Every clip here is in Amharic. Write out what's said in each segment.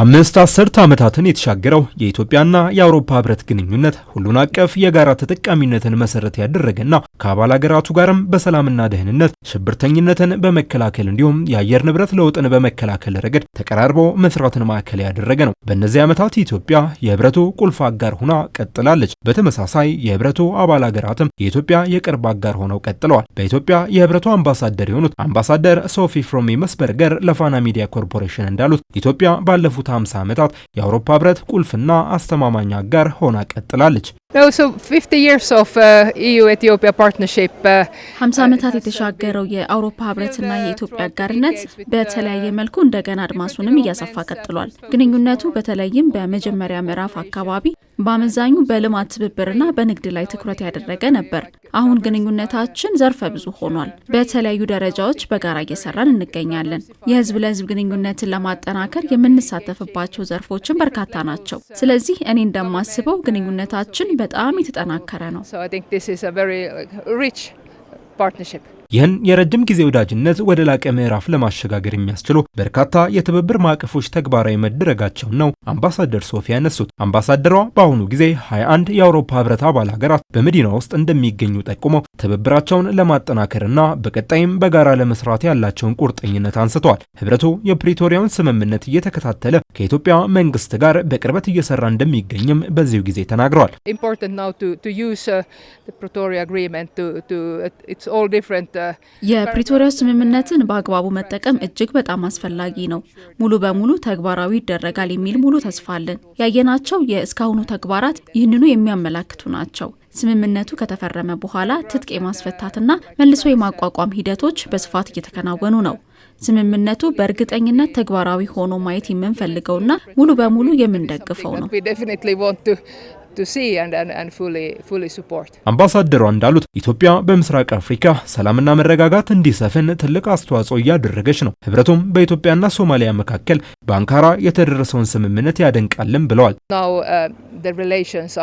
አምስት አስርት ዓመታትን የተሻገረው የኢትዮጵያና የአውሮፓ ህብረት ግንኙነት ሁሉን አቀፍ የጋራ ተጠቃሚነትን መሰረት ያደረገና ከአባል አገራቱ ጋርም በሰላምና ደህንነት፣ ሽብርተኝነትን በመከላከል እንዲሁም የአየር ንብረት ለውጥን በመከላከል ረገድ ተቀራርቦ መስራትን ማዕከል ያደረገ ነው። በእነዚህ ዓመታት ኢትዮጵያ የህብረቱ ቁልፍ አጋር ሆና ቀጥላለች። በተመሳሳይ የህብረቱ አባል አገራትም የኢትዮጵያ የቅርብ አጋር ሆነው ቀጥለዋል። በኢትዮጵያ የህብረቱ አምባሳደር የሆኑት አምባሳደር ሶፊ ፍሮሚ መስበርገር ለፋና ሚዲያ ኮርፖሬሽን እንዳሉት ኢትዮጵያ ባለፉት ላለፉት 50 ዓመታት የአውሮፓ ህብረት ቁልፍና አስተማማኝ አጋር ሆና ቀጥላለች። 50 uh, e uh, ዓመታት የተሻገረው የአውሮፓ ህብረትና የኢትዮጵያ አጋርነት በተለያየ መልኩ እንደገና አድማሱንም እያሰፋ ቀጥሏል። ግንኙነቱ በተለይም በመጀመሪያ ምዕራፍ አካባቢ በአመዛኙ በልማት ትብብርና በንግድ ላይ ትኩረት ያደረገ ነበር። አሁን ግንኙነታችን ዘርፈ ብዙ ሆኗል። በተለያዩ ደረጃዎች በጋራ እየሰራን እንገኛለን። የህዝብ ለህዝብ ግንኙነትን ለማጠናከር የምንሳተፍባቸው ዘርፎችን በርካታ ናቸው። ስለዚህ እኔ እንደማስበው ግንኙነታችን በጣም የተጠናከረ ነው። ይህን የረጅም ጊዜ ወዳጅነት ወደ ላቀ ምዕራፍ ለማሸጋገር የሚያስችሉ በርካታ የትብብር ማዕቀፎች ተግባራዊ መደረጋቸውን ነው አምባሳደር ሶፊያ ያነሱት። አምባሳደሯ በአሁኑ ጊዜ 21 የአውሮፓ ህብረት አባል ሀገራት በመዲና ውስጥ እንደሚገኙ ጠቁመው ትብብራቸውን ለማጠናከርና በቀጣይም በጋራ ለመስራት ያላቸውን ቁርጠኝነት አንስተዋል። ህብረቱ የፕሪቶሪያውን ስምምነት እየተከታተለ ከኢትዮጵያ መንግስት ጋር በቅርበት እየሰራ እንደሚገኝም በዚሁ ጊዜ ተናግረዋል። የፕሪቶሪያ ስምምነትን በአግባቡ መጠቀም እጅግ በጣም አስፈላጊ ነው። ሙሉ በሙሉ ተግባራዊ ይደረጋል የሚል ሙሉ ተስፋ አለን። ያየናቸው የእስካሁኑ ተግባራት ይህንኑ የሚያመላክቱ ናቸው። ስምምነቱ ከተፈረመ በኋላ ትጥቅ የማስፈታትና መልሶ የማቋቋም ሂደቶች በስፋት እየተከናወኑ ነው። ስምምነቱ በእርግጠኝነት ተግባራዊ ሆኖ ማየት የምንፈልገውና ሙሉ በሙሉ የምንደግፈው ነው። አምባሳደሯ እንዳሉት ኢትዮጵያ በምስራቅ አፍሪካ ሰላምና መረጋጋት እንዲሰፍን ትልቅ አስተዋጽኦ እያደረገች ነው። ህብረቱም በኢትዮጵያና ሶማሊያ መካከል በአንካራ የተደረሰውን ስምምነት ያደንቃልም ብለዋል። uh, uh,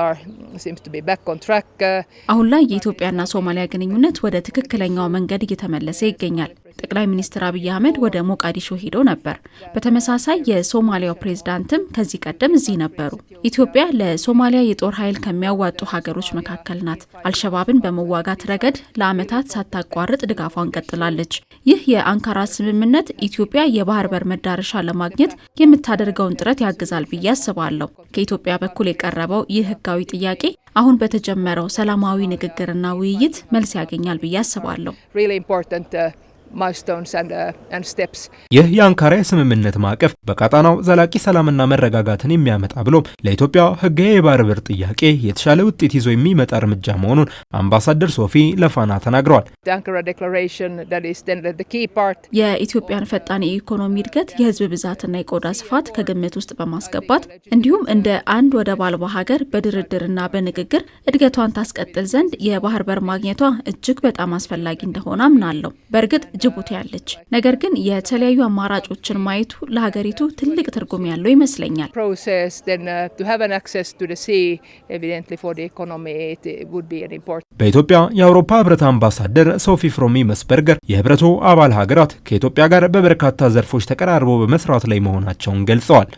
አሁን ላይ የኢትዮጵያና ሶማሊያ ግንኙነት ወደ ትክክለኛው መንገድ እየተመለሰ ይገኛል። ጠቅላይ ሚኒስትር አብይ አህመድ ወደ ሞቃዲሾ ሄዶ ነበር። በተመሳሳይ የሶማሊያው ፕሬዝዳንትም ከዚህ ቀደም እዚህ ነበሩ። ኢትዮጵያ ለሶማሊያ የጦር ኃይል ከሚያዋጡ ሀገሮች መካከል ናት። አልሸባብን በመዋጋት ረገድ ለአመታት ሳታቋርጥ ድጋፏን ቀጥላለች። ይህ የአንካራ ስምምነት ኢትዮጵያ የባህር በር መዳረሻ ለማግኘት የምታደርገውን ጥረት ያግዛል ብዬ አስባለሁ። ከኢትዮጵያ በኩል የቀረበው ይህ ህጋዊ ጥያቄ አሁን በተጀመረው ሰላማዊ ንግግርና ውይይት መልስ ያገኛል ብዬ አስባለሁ። Uh, ይህ የአንካራ የስምምነት ማዕቀፍ በቀጣናው ዘላቂ ሰላምና መረጋጋትን የሚያመጣ ብሎ ለኢትዮጵያ ሕጋዊ የባህር በር ጥያቄ የተሻለ ውጤት ይዞ የሚመጣ እርምጃ መሆኑን አምባሳደር ሶፊ ለፋና ተናግረዋል። የኢትዮጵያን ፈጣን የኢኮኖሚ እድገት፣ የህዝብ ብዛትና የቆዳ ስፋት ከግምት ውስጥ በማስገባት እንዲሁም እንደ አንድ ወደብ አልባ ሀገር በድርድርና በንግግር እድገቷን ታስቀጥል ዘንድ የባህር በር ማግኘቷ እጅግ በጣም አስፈላጊ እንደሆነ አምናለሁ። በእርግጥ ጅቡቲ ያለች። ነገር ግን የተለያዩ አማራጮችን ማየቱ ለሀገሪቱ ትልቅ ትርጉም ያለው ይመስለኛል። uh, በኢትዮጵያ የአውሮፓ ህብረት አምባሳደር ሶፊ ፍሮሚ መስበርገር የህብረቱ አባል ሀገራት ከኢትዮጵያ ጋር በበርካታ ዘርፎች ተቀራርበው በመስራት ላይ መሆናቸውን ገልጸዋል።